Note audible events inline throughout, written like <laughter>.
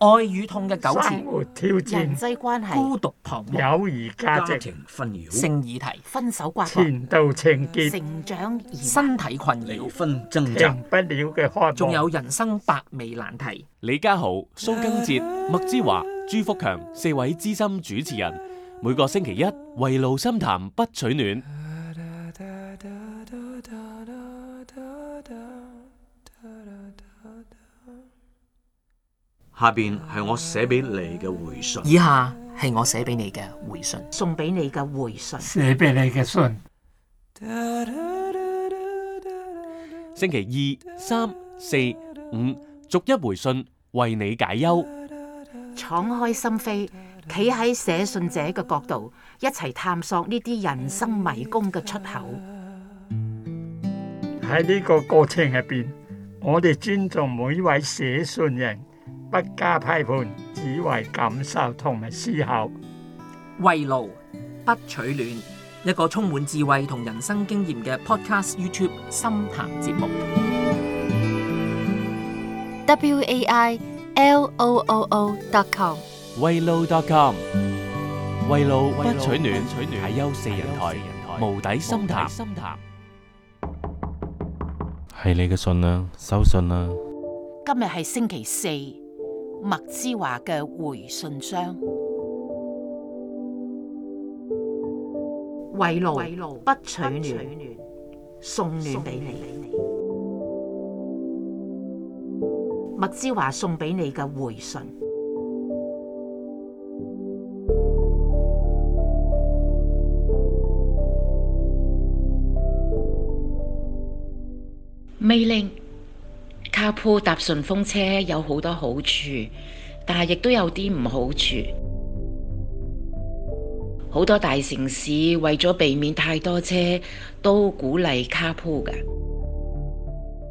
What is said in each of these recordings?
愛與痛嘅糾纏，挑戰人際關係孤獨彷徨，友誼價值家庭困擾，性議題，分手瓜葛，前度情結，成長而身體困擾，離婚掙扎，停不了嘅開端，仲有人生百味難題。李家豪、蘇根哲、麥之華、朱福強四位資深主持人，每個星期一圍爐心談不取暖。下邊係我寫俾你嘅回信。以下係我寫俾你嘅回信，送俾你嘅回信，寫俾你嘅信。星期二、三、四、五，逐一回信，為你解憂。敞開心扉，企喺寫信者嘅角度，一齊探索呢啲人生迷宮嘅出口。喺呢個過程入邊，我哋尊重每一位寫信人。不加批判，只為感受同埋思考。圍爐不取暖，一個充滿智慧同人生經驗嘅 Podcast YouTube 深談節目。wailooo.com 圍爐 .com 圍爐不取暖，取暖，大優四人台無底深談。係你嘅信啦，收信啦。今日係星期四。麥之華嘅回信箱，圍爐不取暖，送暖俾你。麥之華送俾你嘅回信，Mei-ling。」carpool 搭順風車有好多好處，但係亦都有啲唔好處。好多大城市為咗避免太多車，都鼓勵 carpool 嘅。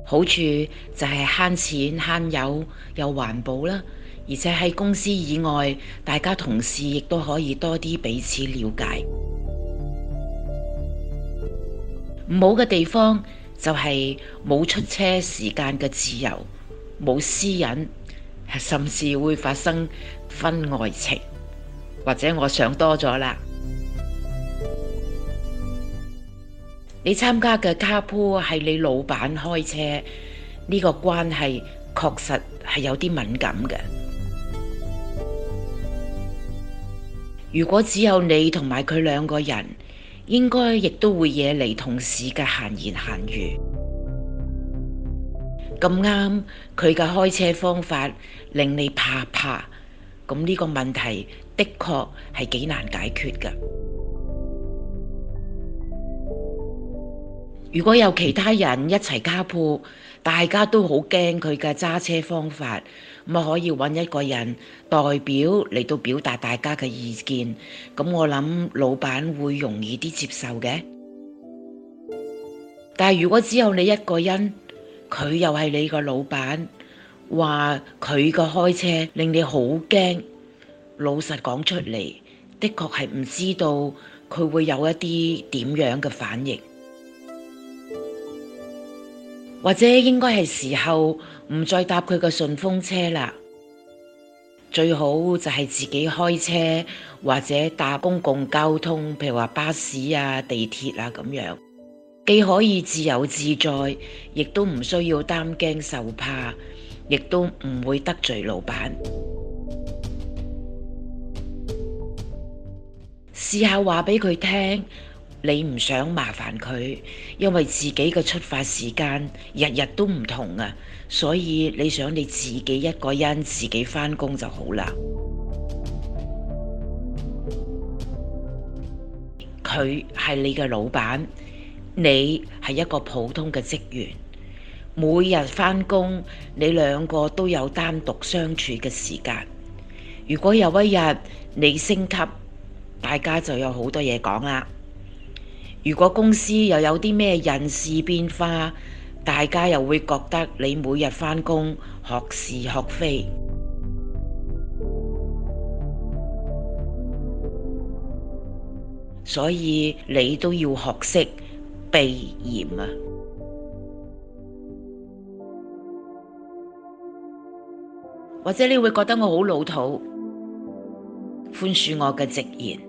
好處就係慳錢慳油又環保啦，而且喺公司以外，大家同事亦都可以多啲彼此了解。唔好嘅地方。就係冇出車時間嘅自由，冇私隱，甚至會發生婚外情，或者我想多咗啦。你參加嘅 carpool 係你老闆開車，呢個關係確實係有啲敏感嘅。如果只有你同埋佢兩個人。應該亦都會惹嚟同事嘅閒言閒語。咁啱佢嘅開車方法令你怕怕，咁呢個問題的確係幾難解決㗎。如果有其他人一齊 carpool，大家都好驚佢嘅揸車方法，咁啊可以揾一個人代表嚟到表達大家嘅意見。咁我諗老闆會容易啲接受嘅。但如果只有你一個人，佢又係你個老闆，話佢個開車令你好驚，老實講出嚟，的確係唔知道佢會有一啲點樣嘅反應。或者應該係時候唔再搭佢嘅順風車啦，最好就係自己開車或者搭公共交通，譬如話巴士啊、地鐵啊咁樣，既可以自由自在，亦都唔需要擔驚受怕，亦都唔會得罪老闆。試下話俾佢聽。你唔想麻煩佢，因為自己嘅出發時間日日都唔同呀，所以你想你自己一個人自己返工就好喇。佢係 <music> 你嘅老闆，你係一個普通嘅職員，每日返工，你兩個都有單獨相處嘅時間。如果有一日你升級，大家就有好多嘢講喇。如果公司又有啲咩人事變化，大家又會覺得你每日返工學是學非，所以你都要學識避嫌呀！或者你會覺得我好老土，寬恕我嘅直言。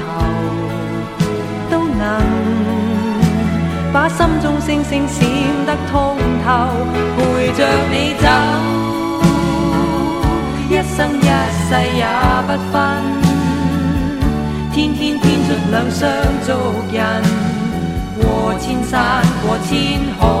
把心中星星閃得通透，陪着你走，一生一世也不分。天天編出兩雙足印，過千山過千海。